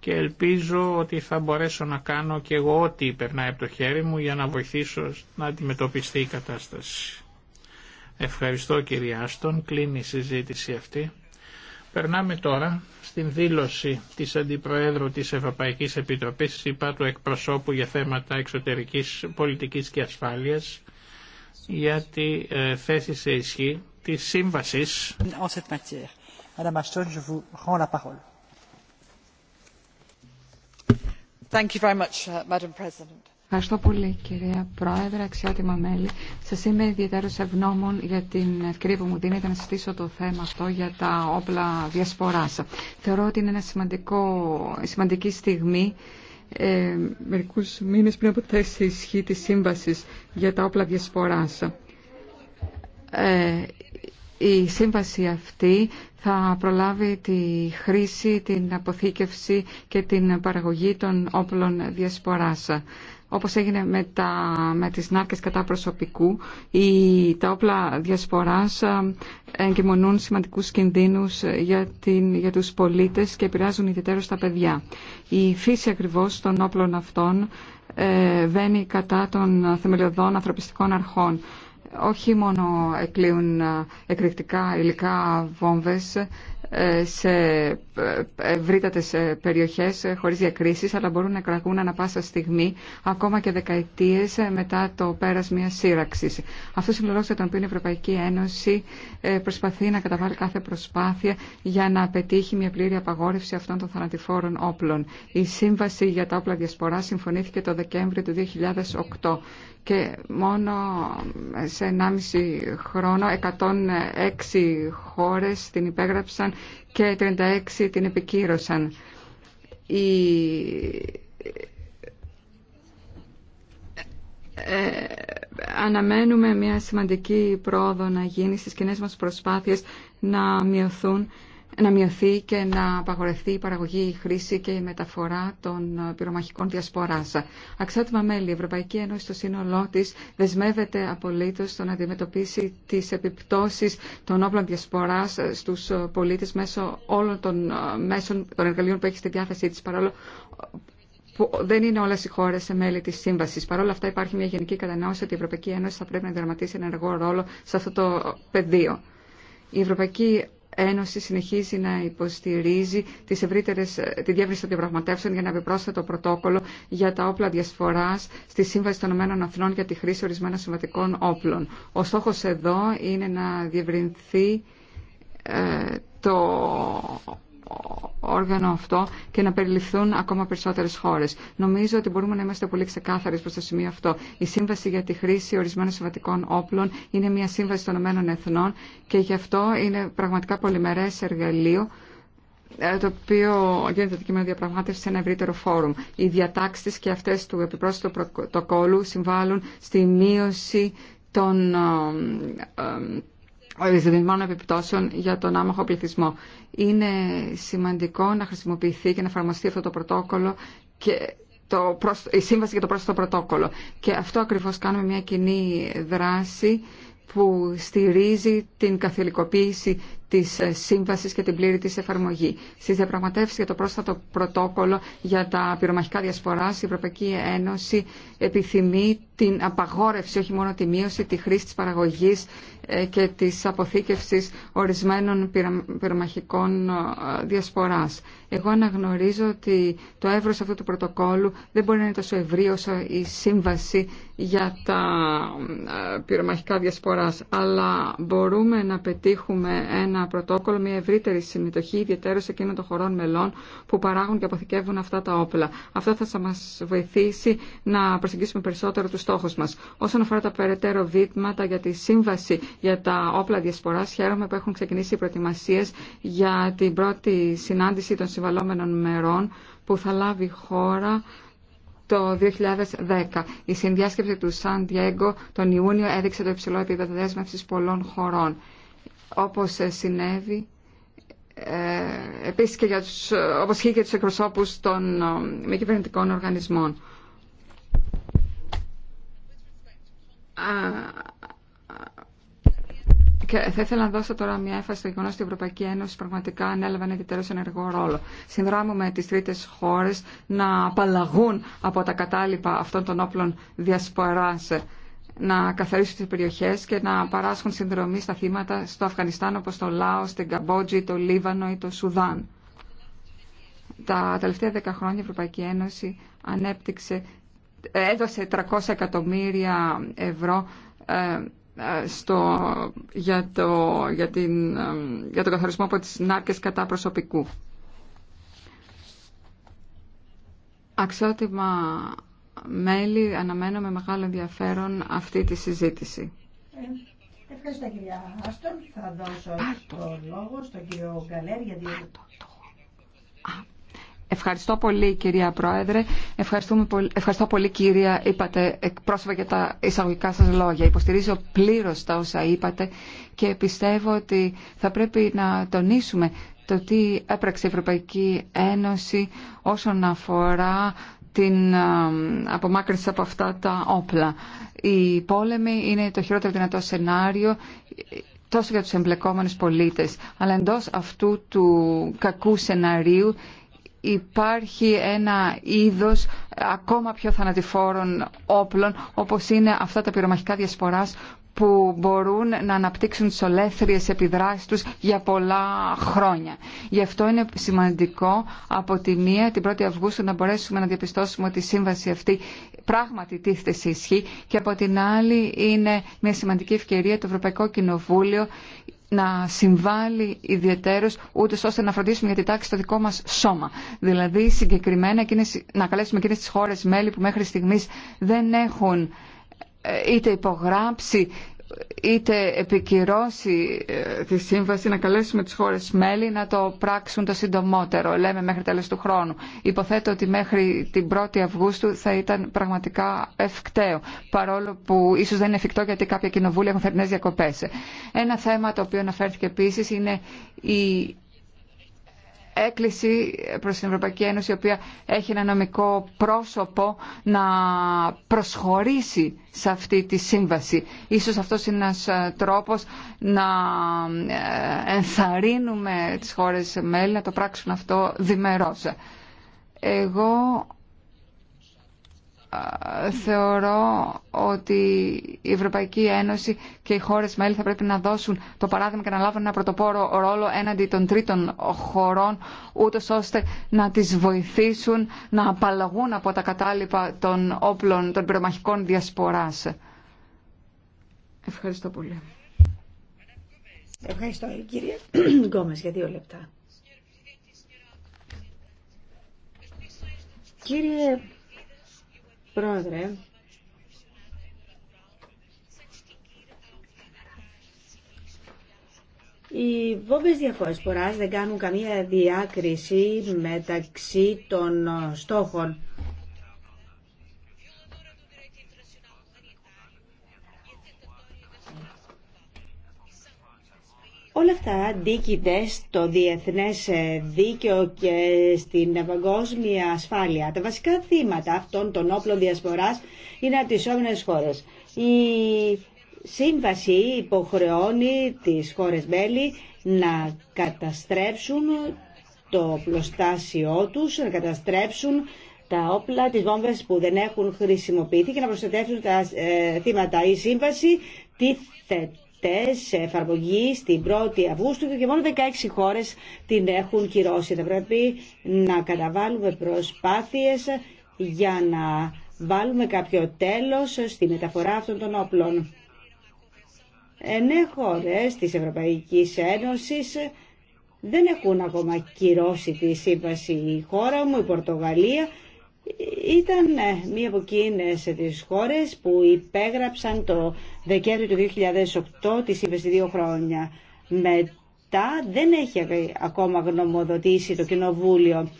και ελπίζω ότι θα μπορέσω να κάνω και εγώ ό,τι περνάει από το χέρι μου για να βοηθήσω να αντιμετωπιστεί η κατάσταση. Ευχαριστώ κύριε Άστον, κλείνει η συζήτηση αυτή. Περνάμε τώρα στην δήλωση της Αντιπροέδρου της Ευρωπαϊκής Επιτροπής, είπα του εκπροσώπου για θέματα εξωτερικής πολιτικής και ασφάλειας, για τη ε, θέση σε ισχύ της σύμβασης. Uh, Ευχαριστώ πολύ κυρία Πρόεδρε, αξιότιμα μέλη. Σα είμαι ιδιαίτερως ευγνώμων για την ευκαιρία που μου δίνετε να συστήσω το θέμα αυτό για τα όπλα διασποράς. Θεωρώ ότι είναι ένα σημαντικό, σημαντική στιγμή ε, μερικούς μήνες πριν από θέση ισχύ τη σύμβαση για τα όπλα διασποράς. Ε, η σύμβαση αυτή θα προλάβει τη χρήση, την αποθήκευση και την παραγωγή των όπλων διασποράς. Όπως έγινε με, τα, με τις νάρκες κατά προσωπικού, η, τα όπλα διασποράς εγκυμονούν σημαντικούς κινδύνους για, την, για τους πολίτες και επηρεάζουν ιδιαίτερα τα παιδιά. Η φύση ακριβώς των όπλων αυτών ε, βαίνει κατά των θεμελιωδών ανθρωπιστικών αρχών όχι μόνο εκλείουν ε, εκρηκτικά υλικά βόμβες ε, σε ε, ευρύτατες περιοχές χωρίς διακρίσεις αλλά μπορούν να κραγούν ανα πάσα στιγμή ακόμα και δεκαετίες μετά το πέρας μιας σύραξης. Αυτό είναι ο λόγος για τον οποίο η Ευρωπαϊκή Ένωση προσπαθεί να καταβάλει κάθε προσπάθεια για να πετύχει μια πλήρη απαγόρευση αυτών των θανατηφόρων όπλων. Η Σύμβαση για τα όπλα διασπορά συμφωνήθηκε το Δεκέμβριο του 2008 και μόνο σε 1,5 χρόνο 106 χώρες την υπέγραψαν και 36 την επικύρωσαν. Η... Ε, αναμένουμε μια σημαντική πρόοδο να γίνει στις κοινέ μας προσπάθειες να μειωθούν να μειωθεί και να απαγορευτεί η παραγωγή, η χρήση και η μεταφορά των πυρομαχικών διασπορά. Αξιότιμα μέλη, η Ευρωπαϊκή Ένωση στο σύνολό τη δεσμεύεται απολύτω στο να αντιμετωπίσει τι επιπτώσει των όπλων διασπορά στου πολίτε μέσω όλων των ε, μέσων των εργαλείων που έχει στη διάθεσή τη. Παρόλο που δεν είναι όλε οι χώρε μέλη τη σύμβαση. Παρόλα αυτά, υπάρχει μια γενική κατανόηση ότι η Ευρωπαϊκή Ένωση θα πρέπει να δραματίσει ένα ρόλο σε αυτό το πεδίο. Η Ευρωπαϊκή Ένωση συνεχίζει να υποστηρίζει τις ευρύτερες, τη διεύρυνση των διαπραγματεύσεων για ένα επιπρόσθετο πρωτόκολλο για τα όπλα διασφοράς στη Σύμβαση των Ηνωμένων Αθηνών για τη χρήση ορισμένων σημαντικών όπλων. Ο στόχος εδώ είναι να διευρυνθεί ε, το όργανο αυτό και να περιληφθούν ακόμα περισσότερες χώρες. Νομίζω ότι μπορούμε να είμαστε πολύ ξεκάθαροι προς το σημείο αυτό. Η σύμβαση για τη χρήση ορισμένων συμβατικών όπλων είναι μια σύμβαση των Ηνωμένων Εθνών και γι' αυτό είναι πραγματικά πολυμερές εργαλείο ε, το οποίο γίνεται μου διαπραγμάτευση σε ένα ευρύτερο φόρουμ. Οι διατάξει και αυτέ του επιπρόσθετου πρωτοκόλου συμβάλλουν στη μείωση των ε, ε, επιπτώσεων για τον άμαχο πληθυσμό. Είναι σημαντικό να χρησιμοποιηθεί και να εφαρμοστεί αυτό το πρωτόκολλο και το η σύμβαση για το πρόσθετο πρωτόκολλο. Και αυτό ακριβώς κάνουμε μια κοινή δράση που στηρίζει την καθολικοποίηση τη σύμβαση και την πλήρη τη εφαρμογή. Στι διαπραγματεύσει για το πρόσφατο πρωτόκολλο για τα πυρομαχικά διασπορά, η Ευρωπαϊκή Ένωση επιθυμεί την απαγόρευση, όχι μόνο τη μείωση, τη χρήση τη παραγωγή ε, και τη αποθήκευση ορισμένων πυρομαχικών ε, διασπορά. Εγώ αναγνωρίζω ότι το εύρο αυτού του πρωτοκόλλου δεν μπορεί να είναι τόσο ευρύ όσο η σύμβαση για τα ε, πυρομαχικά διασπορά, αλλά μπορούμε να πετύχουμε ένα ένα πρωτόκολλο, μια ευρύτερη συμμετοχή, ιδιαίτερω εκείνων των χωρών μελών που παράγουν και αποθηκεύουν αυτά τα όπλα. Αυτό θα μα βοηθήσει να προσεγγίσουμε περισσότερο του στόχου μα. Όσον αφορά τα περαιτέρω βήματα για τη σύμβαση για τα όπλα διασπορά, χαίρομαι που έχουν ξεκινήσει οι προετοιμασίε για την πρώτη συνάντηση των συμβαλόμενων μερών που θα λάβει χώρα το 2010. Η συνδιάσκεψη του Σαν Διέγκο τον Ιούνιο έδειξε το υψηλό επίπεδο δέσμευσης πολλών χωρών όπως ε, συνέβη ε, επίσης και για τους, όπως και για τους εκπροσώπους των ε, μη κυβερνητικών οργανισμών. Και θα ήθελα να δώσω τώρα μια έφαση στο γεγονό ότι η Ευρωπαϊκή Ένωση πραγματικά ανέλαβε ένα ιδιαίτερο ενεργό ρόλο. Συνδράμουμε τι τρίτε χώρε να απαλλαγούν από τα κατάλοιπα αυτών των όπλων διασπορά να καθαρίσουν τις περιοχές και να παράσχουν συνδρομή στα θύματα στο Αφγανιστάν όπως το Λάο, την Καμπότζη, το Λίβανο ή το Σουδάν. Τα τελευταία δέκα χρόνια η Ευρωπαϊκή Ένωση ανέπτυξε, έδωσε 300 εκατομμύρια ευρώ ε, ε, στο, για, το, για, την, ε, για τον καθαρισμό από τις νάρκες κατά προσωπικού. Αξιότιμα μέλη αναμένω με μεγάλο ενδιαφέρον αυτή τη συζήτηση. Ε, ευχαριστώ κυρία Άστον. Θα δώσω το λόγο στον κύριο Γκαλέρ για Ευχαριστώ πολύ κυρία Πρόεδρε, Ευχαριστούμε πολύ, ευχαριστώ πολύ κυρία είπατε εκπρόσωπα για τα εισαγωγικά σας λόγια. Υποστηρίζω πλήρως τα όσα είπατε και πιστεύω ότι θα πρέπει να τονίσουμε το τι έπραξε η Ευρωπαϊκή Ένωση όσον αφορά την απομάκρυνση από αυτά τα όπλα. Η πόλεμοι είναι το χειρότερο δυνατό σενάριο τόσο για τους εμπλεκόμενους πολίτες, αλλά εντός αυτού του κακού σενάριου υπάρχει ένα είδος ακόμα πιο θανατηφόρων όπλων όπως είναι αυτά τα πυρομαχικά διασποράς που μπορούν να αναπτύξουν τις ολέθριες επιδράσεις τους για πολλά χρόνια. Γι' αυτό είναι σημαντικό από τη μία την 1η Αυγούστου να μπορέσουμε να διαπιστώσουμε ότι η σύμβαση αυτή πράγματι τίθεται σε ισχύ και από την άλλη είναι μια σημαντική ευκαιρία το Ευρωπαϊκό Κοινοβούλιο να συμβάλλει ιδιαίτερος ούτε ώστε να φροντίσουμε για την τάξη στο δικό μας σώμα. Δηλαδή συγκεκριμένα να καλέσουμε εκείνες τις χώρες μέλη που μέχρι στιγμής δεν έχουν ε, είτε υπογράψει είτε επικυρώσει ε, τη σύμβαση, να καλέσουμε τις χώρες μέλη να το πράξουν το συντομότερο, λέμε μέχρι τέλος του χρόνου. Υποθέτω ότι μέχρι την 1η Αυγούστου θα ήταν πραγματικά ευκταίο, παρόλο που ίσως δεν είναι εφικτό γιατί κάποια κοινοβούλια έχουν θερινές διακοπές. Ένα θέμα το οποίο αναφέρθηκε επίσης είναι η αυγουστου θα ηταν πραγματικα ευκταιο παρολο που ισως δεν ειναι εφικτο γιατι καποια κοινοβουλια εχουν φερνες διακοπες ενα θεμα το οποιο αναφερθηκε επισης ειναι η έκκληση προς την Ευρωπαϊκή Ένωση η οποία έχει ένα νομικό πρόσωπο να προσχωρήσει σε αυτή τη σύμβαση. Ίσως αυτός είναι ένας ε, τρόπος να ε, ενθαρρύνουμε τις χώρες μέλη να το πράξουν αυτό διμερώς. Εγώ θεωρώ ότι η Ευρωπαϊκή Ένωση και οι χώρες μέλη θα πρέπει να δώσουν το παράδειγμα και να λάβουν ένα πρωτοπόρο ρόλο έναντι των τρίτων χωρών ούτως ώστε να τις βοηθήσουν να απαλλαγούν από τα κατάλοιπα των όπλων των πυρομαχικών διασποράς. Ευχαριστώ πολύ. Ευχαριστώ Κύριε Γκόμες για δύο λεπτά. Κύριε Πρόεδρε, Οι βόμβες διαφοράς δεν κάνουν καμία διάκριση μεταξύ των στόχων. Όλα αυτά αντίκειται στο διεθνές ε, δίκαιο και στην παγκόσμια ασφάλεια. Τα βασικά θύματα αυτών των όπλων διασποράς είναι από όμενες χώρες. Η σύμβαση υποχρεώνει τις χώρες μέλη να καταστρέψουν το πλωστάσιό τους, να καταστρέψουν τα όπλα, τις βόμβες που δεν έχουν χρησιμοποιηθεί και να προστατεύσουν τα ε, θύματα. Η σύμβαση τίθεται σε εφαρμογή στην 1η Αυγούστου και μόνο 16 χώρε την έχουν κυρώσει. Θα πρέπει να καταβάλουμε προσπάθειε για να βάλουμε κάποιο τέλο στη μεταφορά αυτών των όπλων. Εννέα χώρε της Ευρωπαϊκή Ένωσης δεν έχουν ακόμα κυρώσει τη σύμβαση η χώρα μου, η Πορτογαλία ήταν ε, μία από εκείνες τις χώρες που υπέγραψαν το Δεκέμβριο του 2008 τη σύμβαση δύο χρόνια. Μετά δεν έχει ακόμα γνωμοδοτήσει το Κοινοβούλιο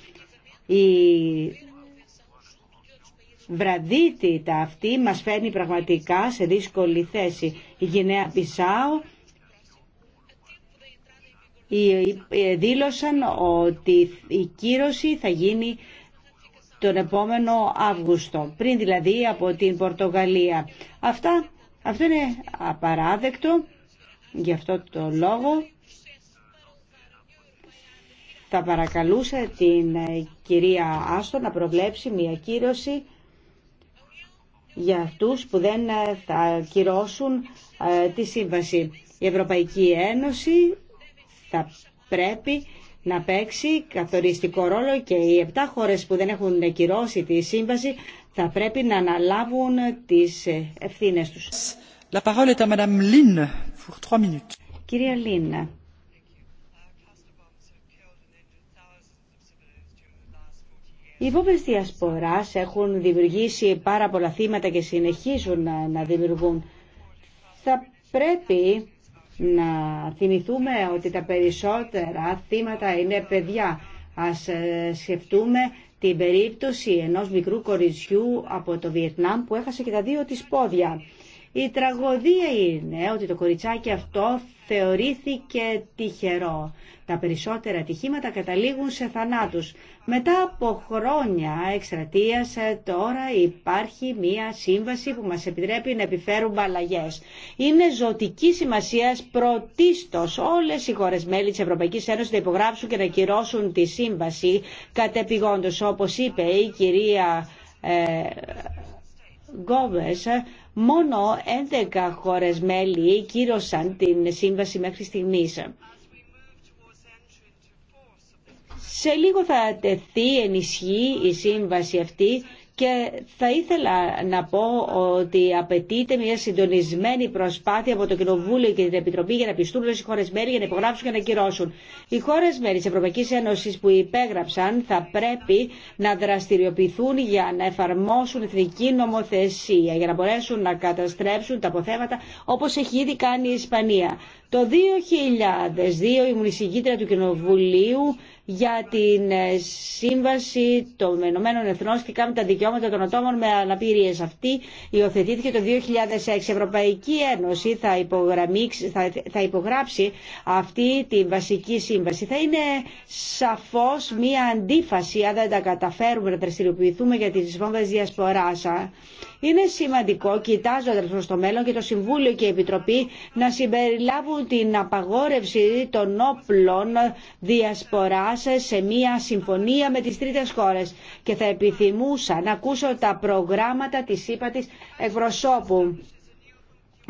η τα αυτή μας φέρνει πραγματικά σε δύσκολη θέση. Η γυναία Πισάου δήλωσαν ότι η κύρωση θα γίνει τον επόμενο Αύγουστο, πριν δηλαδή από την Πορτογαλία. Αυτά, αυτό είναι απαράδεκτο, γι' αυτό το λόγο θα παρακαλούσα την ε, κυρία Άστο να προβλέψει μια κύρωση για αυτούς που δεν ε, θα κυρώσουν ε, τη σύμβαση. Η Ευρωπαϊκή Ένωση θα πρέπει να παίξει καθοριστικό ρόλο και οι επτά χώρες που δεν έχουν κυρώσει τη σύμβαση θα πρέπει να αναλάβουν τις ε, ευθύνες τους. La parole est à Madame Lynn pour 3 minutes. Κυρία Λίν, Οι βόμβες διασποράς έχουν δημιουργήσει πάρα πολλά θύματα και συνεχίζουν να δημιουργούν. Θα πρέπει να θυμηθούμε ότι τα περισσότερα θύματα είναι παιδιά. Ας ε, σκεφτούμε την περίπτωση ενός μικρού κοριτσιού από το Βιετνάμ που έχασε και τα δύο της πόδια. Η τραγωδία είναι ότι το κοριτσάκι αυτό θεωρήθηκε τυχερό. Τα περισσότερα ατυχήματα καταλήγουν σε θανάτους. Μετά από χρόνια εξρατείας τώρα υπάρχει μία σύμβαση που μας επιτρέπει να επιφέρουμε αλλαγέ. Είναι ζωτική σημασία πρωτίστως όλες οι χώρες μέλη της Ευρωπαϊκής Ένωσης να υπογράψουν και να κυρώσουν τη σύμβαση κατεπηγόντως όπως είπε η κυρία ε, Μόνο 11 χώρες μέλη κύρωσαν την σύμβαση μέχρι στιγμής. Σε λίγο θα τεθεί ενισχύ η σύμβαση αυτή και θα ήθελα να πω ότι απαιτείται μια συντονισμένη προσπάθεια από το Κοινοβούλιο και την Επιτροπή για να πιστούν όλε οι χώρε μέρη για να υπογράψουν και να κυρώσουν. Οι χώρε μέρη τη Ευρωπαϊκή Ένωση που υπέγραψαν θα πρέπει να δραστηριοποιηθούν για να εφαρμόσουν εθνική νομοθεσία, για να μπορέσουν να καταστρέψουν τα αποθέματα όπω έχει ήδη κάνει η Ισπανία. Το 2002 ήμουν εισηγήτρια του Κοινοβουλίου για την ε, Σύμβαση των Ηνωμένων Εθνών τα δικαιώματα δικαιώματα των ατόμων με αναπηρίε. Αυτή υιοθετήθηκε το 2006. Η Ευρωπαϊκή Ένωση θα, θα υπογράψει αυτή τη βασική σύμβαση. Θα είναι σαφώ μία αντίφαση αν δεν τα καταφέρουμε να δραστηριοποιηθούμε για τι βόμβε διασπόρά. Είναι σημαντικό, κοιτάζοντα προ το μέλλον και το Συμβούλιο και η Επιτροπή, να συμπεριλάβουν την απαγόρευση των όπλων διασπορά σε μια συμφωνία με τι τρίτε χώρε. Και θα επιθυμούσα να ακούσω τα προγράμματα τη ΥΠΑ εκπροσώπου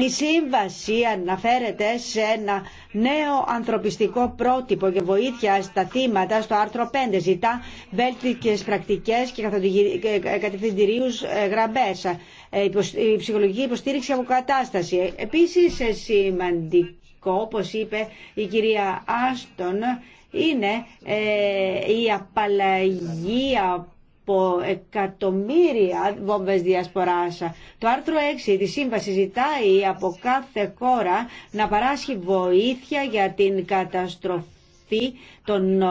η σύμβαση αναφέρεται σε ένα νέο ανθρωπιστικό πρότυπο για βοήθεια στα θύματα στο άρθρο 5. Ζητά βέλτικες πρακτικές και ε, κατευθυντηρίους ε, γραμμές, ε, η ψυχολογική υποστήριξη από κατάσταση. Επίσης σημαντικό, όπως είπε η κυρία Άστον, είναι η απαλλαγή από εκατομμύρια βόμβες διασποράς. Το άρθρο 6 τη σύμβαση ζητάει από κάθε χώρα να παράσχει βοήθεια για την καταστροφή των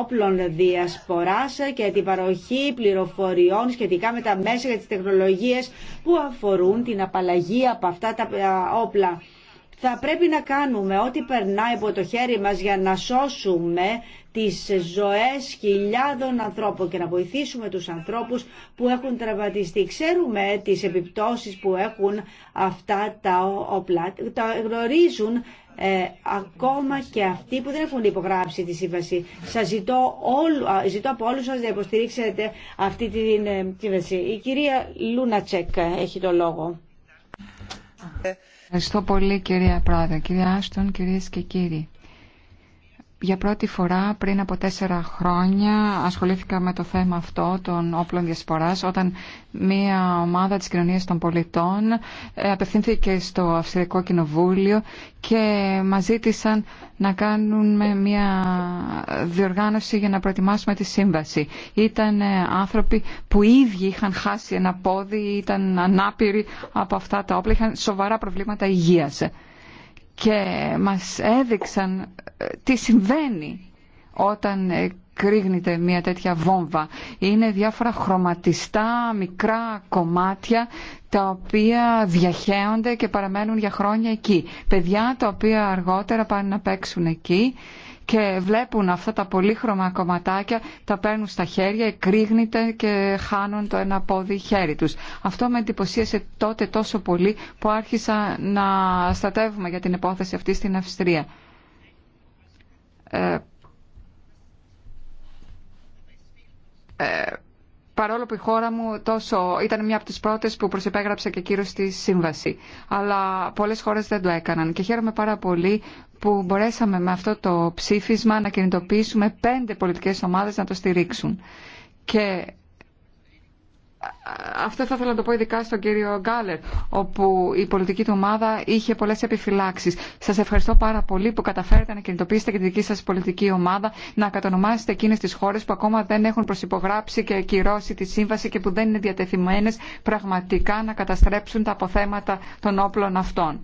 όπλων διασποράς και την παροχή πληροφοριών σχετικά με τα μέσα και τις τεχνολογίες που αφορούν την απαλλαγή από αυτά τα όπλα. Θα πρέπει να κάνουμε ό,τι περνάει από το χέρι μας για να σώσουμε τις ζωές χιλιάδων ανθρώπων και να βοηθήσουμε τους ανθρώπους που έχουν τραυματιστεί. Ξέρουμε τις επιπτώσεις που έχουν αυτά τα όπλα. Τα γνωρίζουν ε, ακόμα και αυτοί που δεν έχουν υπογράψει τη σύμβαση. Σας ζητώ, όλου, ζητώ από όλους σας να υποστηρίξετε αυτή τη ε, σύμβαση. Η κυρία Λούνατσεκ έχει το λόγο. Ε, Ευχαριστώ πολύ κυρία Πρόεδρε, κυρία Άστον, κυρίες και κύριοι για πρώτη φορά πριν από τέσσερα χρόνια ασχολήθηκα με το θέμα αυτό των όπλων διασποράς όταν μια ομάδα της κοινωνίας των πολιτών ε, απευθύνθηκε στο Αυστριακό Κοινοβούλιο και μας ζήτησαν να κάνουμε μια διοργάνωση για να προετοιμάσουμε τη σύμβαση. Ήταν ε, άνθρωποι που ίδιοι είχαν χάσει ένα πόδι, ήταν ανάπηροι από αυτά τα όπλα, είχαν σοβαρά προβλήματα υγείας και μας έδειξαν ε, τι συμβαίνει όταν ε, κρύγνεται μια τέτοια βόμβα. Είναι διάφορα χρωματιστά μικρά κομμάτια τα οποία διαχέονται και παραμένουν για χρόνια εκεί. Παιδιά τα οποία αργότερα πάνε να παίξουν εκεί και βλέπουν αυτά τα πολύχρωμα κομματάκια, τα παίρνουν στα χέρια, εκρήγνεται και χάνουν το ένα πόδι χέρι τους. Αυτό με εντυπωσίασε τότε τόσο πολύ που άρχισα να στατεύουμε για την υπόθεση αυτή στην Αυστρία. Ε, ε παρόλο που η χώρα μου τόσο, ήταν μια από τις πρώτες που προσεπέγραψε και κύριο στη σύμβαση. Αλλά πολλές χώρες δεν το έκαναν και χαίρομαι πάρα πολύ που μπορέσαμε με αυτό το ψήφισμα να κινητοποιήσουμε πέντε πολιτικές ομάδες να το στηρίξουν. Και αυτό θα ήθελα να το πω ειδικά στον κύριο Γκάλερ, όπου η πολιτική του ομάδα είχε πολλές επιφυλάξεις. Σας ευχαριστώ πάρα πολύ που καταφέρετε να κινητοποιήσετε και τη δική σας πολιτική ομάδα, να κατονομάσετε εκείνες τις χώρες που ακόμα δεν έχουν προσυπογράψει και κυρώσει τη σύμβαση και που δεν είναι διατεθειμένες πραγματικά να καταστρέψουν τα αποθέματα των όπλων αυτών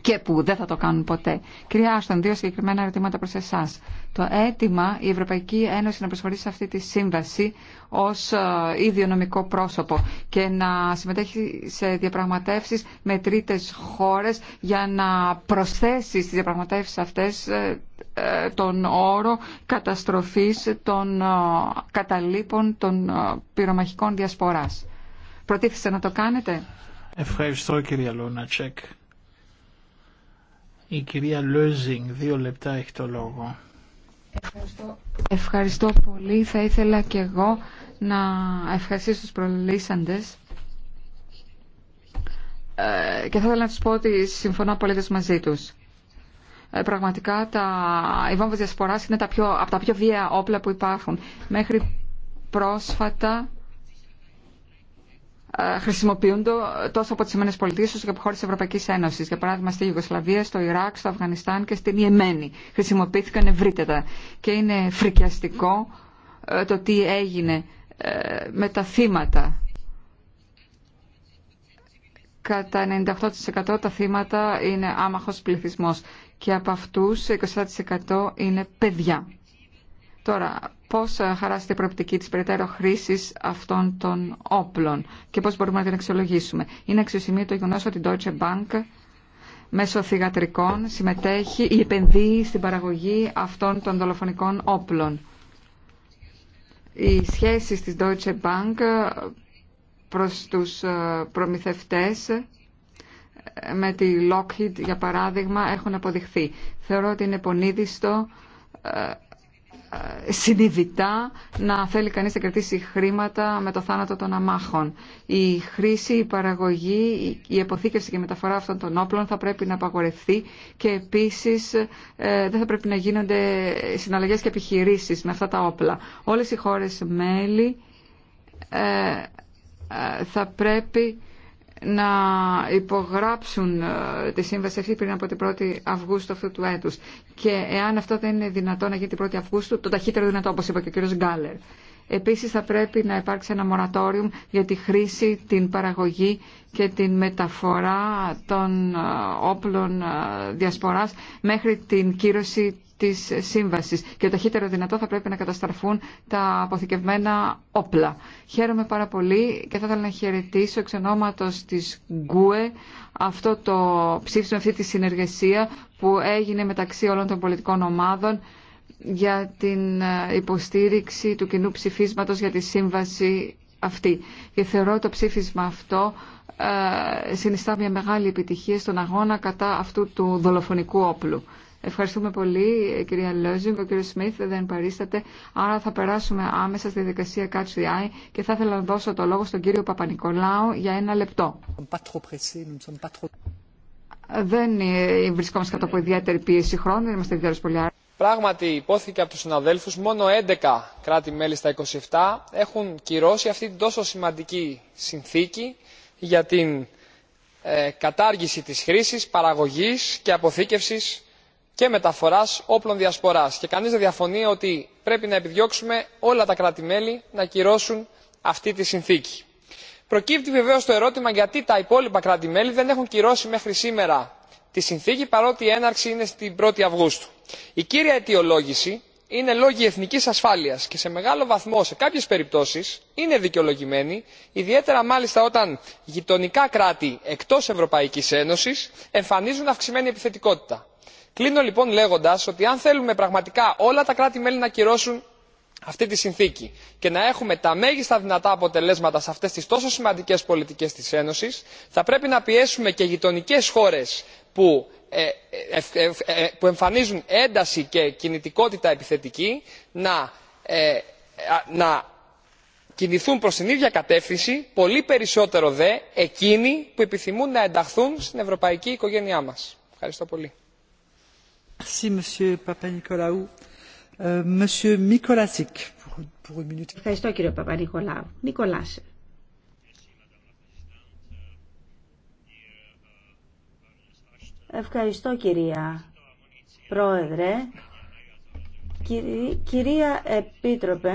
και που δεν θα το κάνουν ποτέ. Κυρία Άστον, δύο συγκεκριμένα ερωτήματα προς εσάς. Το αίτημα η Ευρωπαϊκή Ένωση να προσφορήσει σε αυτή τη σύμβαση ως ίδιο ε, νομικό πρόσωπο και να συμμετέχει σε διαπραγματεύσεις με τρίτες χώρες για να προσθέσει στις διαπραγματεύσεις αυτές ε, ε, τον όρο καταστροφής των καταλήπων των πυρομαχικών διασποράς. Προτίθεστε να το κάνετε. Ευχαριστώ κυρία Λούνα Τσέκ. Η κυρία Λόζινγκ, δύο λεπτά έχει το λόγο. Ευχαριστώ. Ευχαριστώ πολύ. Θα ήθελα και εγώ να ευχαριστήσω τους προλύσαντες ε, και θα ήθελα να τους πω ότι συμφωνώ μαζί τους. Ε, πραγματικά τα, οι βόμβες διασποράς είναι τα πιο, από τα πιο βία όπλα που υπάρχουν. Μέχρι πρόσφατα ε, χρησιμοποιούν τόσο από τι ΗΠΑ όσο και από χώρε τη Ευρωπαϊκή Ένωση. Για παράδειγμα, στη Ιουγκοσλαβία, στο Ιράκ, στο Αφγανιστάν και στην Ιεμένη. Χρησιμοποιήθηκαν ευρύτερα. Και είναι φρικιαστικό ε, το τι έγινε ε, με τα θύματα. Κατά 98% τα θύματα είναι άμαχος πληθυσμός και από αυτούς 20% είναι παιδιά. Τώρα, πώς ε, χαράσετε η προοπτική της περαιτέρω χρήσης αυτών των όπλων και πώς μπορούμε να την αξιολογήσουμε. Είναι αξιοσημείο το γεγονό ότι η Deutsche Bank μέσω θηγατρικών συμμετέχει ή επενδύει στην παραγωγή αυτών των δολοφονικών όπλων. Οι σχέσεις της Deutsche Bank προς τους ε, προμηθευτές ε, με τη Lockheed για παράδειγμα έχουν αποδειχθεί. Θεωρώ ότι είναι πονίδιστο συνειδητά να θέλει κανείς να κρατήσει χρήματα με το θάνατο των αμάχων. Η χρήση, η παραγωγή, η αποθήκευση και η μεταφορά αυτών των όπλων θα πρέπει να απαγορευτεί και επίσης ε, δεν θα πρέπει να γίνονται συναλλαγές και επιχειρήσεις με αυτά τα όπλα. Όλες οι χώρες μέλη ε, ε, θα πρέπει να υπογράψουν ε, τη σύμβαση αυτή πριν από την 1η Αυγούστου αυτού του έτους. Και εάν αυτό δεν είναι δυνατό να γίνει την 1η Αυγούστου, το ταχύτερο δυνατό, όπως είπε και ο κ. Γκάλερ. Επίσης θα πρέπει να υπάρξει ένα μορατόριο για τη χρήση, την παραγωγή και την μεταφορά των ε, όπλων ε, διασποράς μέχρι την κύρωση τη σύμβαση. και το ταχύτερο δυνατό θα πρέπει να καταστραφούν τα αποθηκευμένα όπλα. Χαίρομαι πάρα πολύ και θα ήθελα να χαιρετήσω εξ ονόματο της ΓΚΟΕ αυτό το ψήφισμα, αυτή τη συνεργασία που έγινε μεταξύ όλων των πολιτικών ομάδων για την υποστήριξη του κοινού ψηφίσματος για τη σύμβαση αυτή. Και θεωρώ το ψήφισμα αυτό ε, συνιστά μια μεγάλη επιτυχία στον αγώνα κατά αυτού του δολοφονικού όπλου. Ευχαριστούμε πολύ κυρία Λόζινγκ. Ο κύριο Σμιθ δεν παρίσταται, άρα θα περάσουμε άμεσα στη δικασία Catch the Eye και θα ήθελα να δώσω το λόγο στον κύριο Παπα-Νικολάου για ένα λεπτό. Δεν βρισκόμαστε κατά από ιδιαίτερη πίεση χρόνου, δεν είμαστε ιδιαίτερως πολύ άρα. Πράγματι, υπόθηκε από του συναδέλφου. μόνο 11 κράτη-μέλη στα 27 έχουν κυρώσει αυτή την τόσο σημαντική συνθήκη για την ε, κατάργηση της χρήσης, παραγωγής και αποθήκευση και μεταφοράς όπλων διασποράς και κανείς δεν διαφωνεί ότι πρέπει να επιδιώξουμε όλα τα κράτη μέλη να κυρώσουν αυτή τη συνθήκη. προκύπτει βεβαίως το ερώτημα γιατί τα υπόλοιπα κράτη μέλη δεν έχουν κυρώσει μέχρι σήμερα τη συνθήκη παρότι η έναρξη είναι στην 1η αυγούστου. η κύρια αιτιολόγηση είναι λόγοι εθνική ασφάλεια, και σε μεγάλο βαθμό σε κάποιε περιπτώσει είναι δικαιολογημένη ιδιαίτερα μάλιστα όταν γειτονικά κράτη εκτό Ευρωπαϊκή Ένωση εμφανίζουν αυξημένη επιθετικότητα κλείνω λοιπόν λέγοντας ότι αν θέλουμε πραγματικά όλα τα κράτη μέλη να κυρώσουν αυτή τη συνθήκη και να έχουμε τα μέγιστα δυνατά αποτελέσματα σε αυτές τις τόσο σημαντικές πολιτικές τη Ένωση, θα πρέπει να πιέσουμε και γειτονικέ χώρες ε, ε, ε, που εμφανίζουν ένταση και κινητικότητα επιθετική να κινηθούν προς την ίδια κατεύθυνση πολύ περισσότερο δε εκείνοι που επιθυμούν να ενταχθούν στην ευρωπαϊκή οικογένειά μας. ευχαριστώ πολύ. Euh, Ευχαριστώ κύριε Παπα-Νικολάου. Ευχαριστώ κυρία Πρόεδρε. Κυρία Επίτροπε,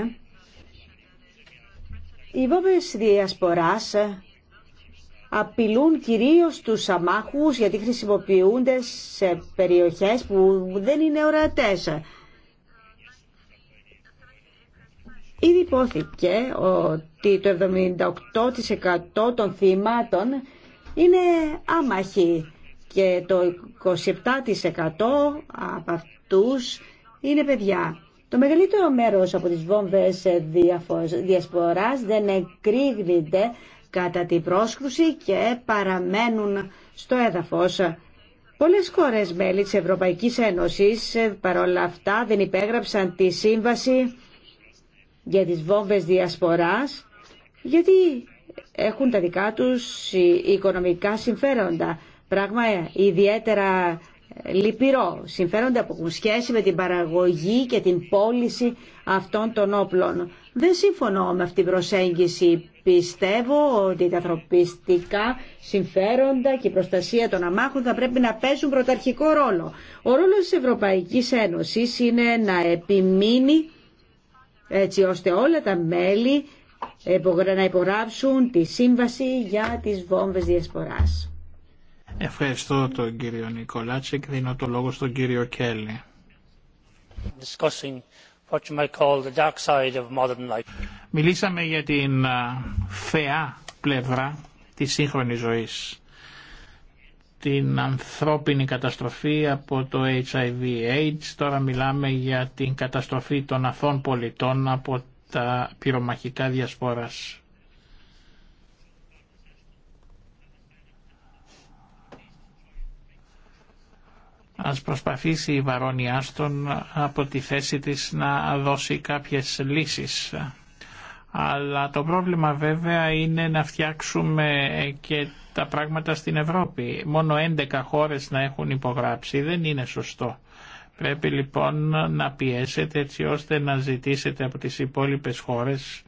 οι υπόπτες διασποράς απειλούν κυρίως τους αμάχους γιατί χρησιμοποιούνται σε περιοχές που δεν είναι ορατές. Ήδη υπόθηκε ότι το 78% των θυμάτων είναι άμαχοι και το 27% από αυτούς είναι παιδιά. Το μεγαλύτερο μέρος από τις βόμβες διασποράς δεν εκρήγνεται κατά την πρόσκρουση και παραμένουν στο έδαφος. Πολλές χώρες μέλη της Ευρωπαϊκής Ένωσης ε, παρόλα αυτά δεν υπέγραψαν τη σύμβαση για τις βόμβες διασποράς γιατί έχουν τα δικά τους οικονομικά συμφέροντα. Πράγμα ε, ιδιαίτερα ε, λυπηρό. Συμφέροντα που έχουν σχέση με την παραγωγή και την πώληση αυτών των όπλων. Δεν συμφωνώ με αυτή την προσέγγιση πιστεύω ότι τα ανθρωπιστικά συμφέροντα και η προστασία των αμάχων θα πρέπει να παίζουν πρωταρχικό ρόλο. Ο ρόλος της Ευρωπαϊκής Ένωσης είναι να επιμείνει έτσι ώστε όλα τα μέλη να υπογράψουν τη σύμβαση για τις βόμβες διασποράς. Ευχαριστώ τον κύριο Νικολάτσικ. Δίνω το λόγο στον κύριο Κέλλη. Μιλήσαμε για την φεά πλευρά της σύγχρονης ζωής. Την ανθρώπινη καταστροφή από το HIV-AIDS. Τώρα μιλάμε για την καταστροφή των αθών πολιτών από τα πυρομαχικά διασπόρας. Ας προσπαθήσει η Βαρόνια από τη θέση της να δώσει κάποιες λύσεις. Αλλά το πρόβλημα βέβαια είναι να φτιάξουμε και τα πράγματα στην Ευρώπη. Μόνο 11 χώρες να έχουν υπογράψει δεν είναι σωστό. Πρέπει λοιπόν να πιέσετε έτσι ώστε να ζητήσετε από τις υπόλοιπες χώρες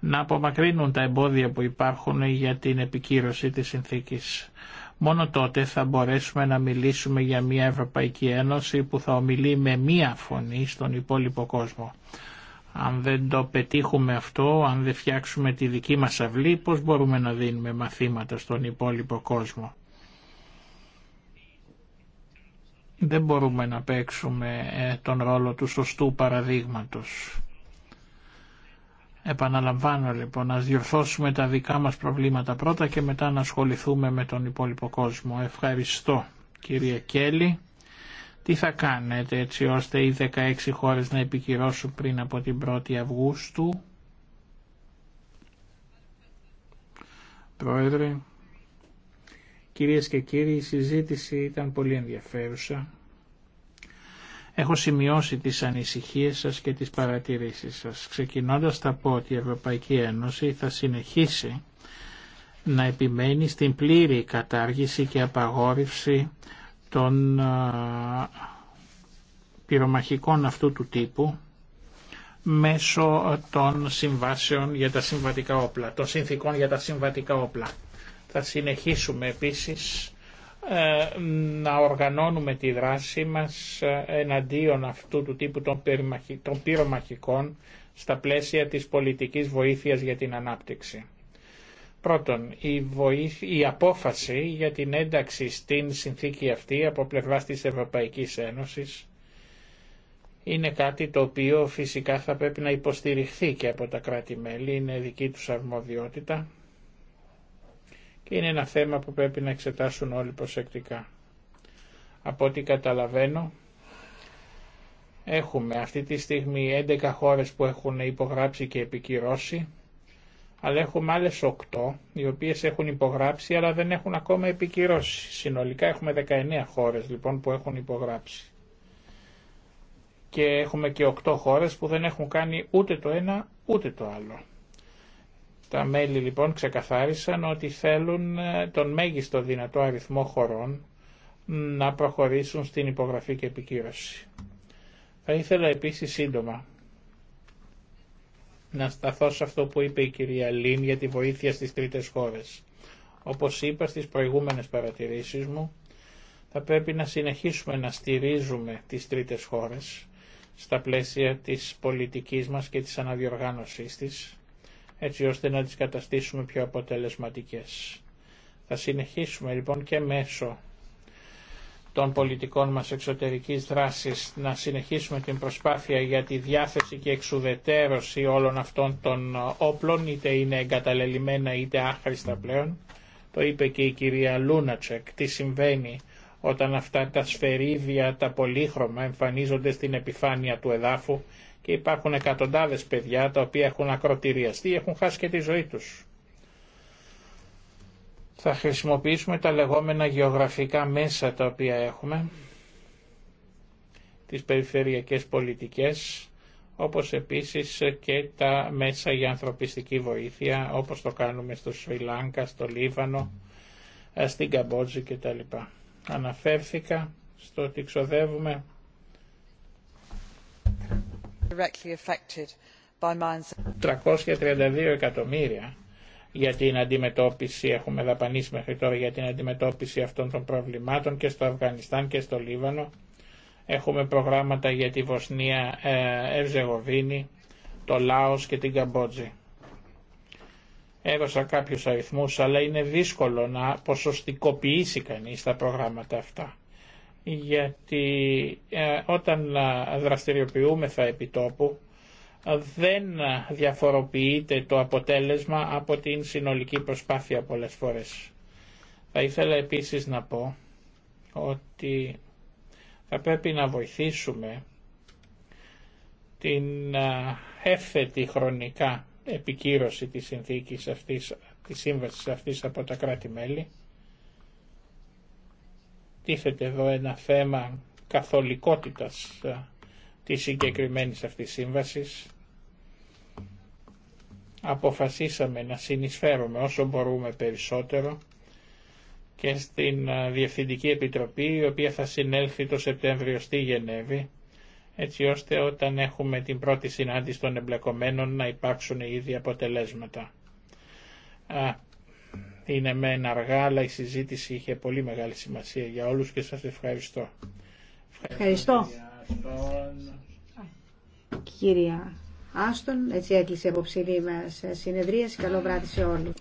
να απομακρύνουν τα εμπόδια που υπάρχουν για την επικύρωση της συνθήκης. Μόνο τότε θα μπορέσουμε να μιλήσουμε για μια Ευρωπαϊκή Ένωση που θα ομιλεί με μία φωνή στον υπόλοιπο κόσμο. Αν δεν το πετύχουμε αυτό, αν δεν φτιάξουμε τη δική μας αυλή, πώς μπορούμε να δίνουμε μαθήματα στον υπόλοιπο κόσμο. Δεν μπορούμε να παίξουμε ε, τον ρόλο του σωστού παραδείγματος. Επαναλαμβάνω λοιπόν, να διορθώσουμε τα δικά μας προβλήματα πρώτα και μετά να ασχοληθούμε με τον υπόλοιπο κόσμο. Ευχαριστώ κύριε Κέλλη. Τι θα κάνετε έτσι ώστε οι 16 χώρες να επικυρώσουν πριν από την 1η Αυγούστου. Πρόεδρε, κυρίες και κύριοι, η συζήτηση ήταν πολύ ενδιαφέρουσα. Έχω σημειώσει τις ανησυχίες σας και τις παρατηρήσεις σας. Ξεκινώντας θα πω ότι η Ευρωπαϊκή Ένωση θα συνεχίσει να επιμένει στην πλήρη κατάργηση και απαγόρευση των πυρομαχικών αυτού του τύπου μέσω των συμβάσεων για τα συμβατικά όπλα, των συνθήκων για τα συμβατικά όπλα. Θα συνεχίσουμε επίσης ε, να οργανώνουμε τη δράση μας ε, εναντίον αυτού του τύπου των πυρομαχικών στα πλαίσια της πολιτικής βοήθειας για την ανάπτυξη. Πρώτον, η, η απόφαση για την ένταξη στην συνθήκη αυτή από πλευράς της Ευρωπαϊκής Ένωσης είναι κάτι το οποίο φυσικά θα πρέπει να υποστηριχθεί και από τα κράτη-μέλη, είναι δική τους αρμοδιότητα και είναι ένα θέμα που πρέπει να εξετάσουν όλοι προσεκτικά. Από ό,τι καταλαβαίνω, έχουμε αυτή τη στιγμή 11 χώρες που έχουν υπογράψει και επικυρώσει, αλλά έχουμε άλλες 8 οι οποίες έχουν υπογράψει αλλά δεν έχουν ακόμα επικυρώσει. Συνολικά έχουμε 19 χώρες λοιπόν που έχουν υπογράψει. Και έχουμε και 8 χώρες που δεν έχουν κάνει ούτε το ένα ούτε το άλλο. Τα μέλη λοιπόν ξεκαθάρισαν ότι θέλουν ε, τον μέγιστο δυνατό αριθμό χωρών να προχωρήσουν στην υπογραφή και επικύρωση. Θα ήθελα επίσης σύντομα να σταθώ σε αυτό που είπε η κυρία Λίν για τη βοήθεια στις τρίτες χώρες. Όπως είπα στις προηγούμενες παρατηρήσεις μου, θα πρέπει να συνεχίσουμε να στηρίζουμε τις τρίτες χώρες στα πλαίσια της πολιτικής μας και της αναδιοργάνωσής της, έτσι ώστε να τις καταστήσουμε πιο αποτελεσματικές. Θα συνεχίσουμε λοιπόν και μέσω των πολιτικών μας εξωτερικής δράσης να συνεχίσουμε την προσπάθεια για τη διάθεση και εξουδετέρωση όλων αυτών των όπλων, είτε είναι εγκαταλελειμμένα είτε άχρηστα πλέον. Το είπε και η κυρία Λούνατσεκ, τι συμβαίνει όταν αυτά τα σφαιρίδια, τα πολύχρωμα εμφανίζονται στην επιφάνεια του εδάφου και υπάρχουν εκατοντάδες παιδιά τα οποία έχουν ακροτηριαστεί, έχουν χάσει και τη ζωή τους. Θα χρησιμοποιήσουμε τα λεγόμενα γεωγραφικά μέσα τα οποία έχουμε, τις περιφερειακές πολιτικές, όπως επίσης και τα μέσα για ανθρωπιστική βοήθεια, όπως το κάνουμε στο Σρι στο Λίβανο, στην Καμπότζη κτλ. Αναφέρθηκα στο ότι ξοδεύουμε 332 εκατομμύρια για την αντιμετώπιση, έχουμε δαπανίσει μέχρι τώρα για την αντιμετώπιση αυτών των προβλημάτων και στο Αφγανιστάν και στο Λίβανο. Έχουμε προγράμματα για τη Βοσνία, Ευζεγοβίνη, το Λάος και την Καμπότζη. Έδωσα κάποιους αριθμούς, αλλά είναι δύσκολο να ποσοστικοποιήσει κανείς τα προγράμματα αυτά γιατί ε, όταν ε, δραστηριοποιούμεθα επιτόπου δεν διαφοροποιείται το αποτέλεσμα από την συνολική προσπάθεια πολλές φορές. Θα ήθελα επίσης να πω ότι θα πρέπει να βοηθήσουμε την ε, εύθετη χρονικά επικύρωση της συνθήκης αυτής, της σύμβασης αυτής από τα κράτη-μέλη τίθεται εδώ ένα θέμα καθολικότητας ε, της συγκεκριμένης αυτής σύμβασης. Αποφασίσαμε να συνεισφέρουμε όσο μπορούμε περισσότερο και στην ε, Διευθυντική Επιτροπή η οποία θα συνέλθει το Σεπτέμβριο στη Γενέβη έτσι ώστε όταν έχουμε την πρώτη συνάντηση των εμπλεκομένων να υπάρξουν ήδη αποτελέσματα. Είναι μεν αργά, αλλά η συζήτηση είχε πολύ μεγάλη σημασία για όλους και σας ευχαριστώ. Ευχαριστώ. Κυρία Άστον, έτσι έκλεισε η μας συνεδρίαση. Καλό βράδυ σε όλους.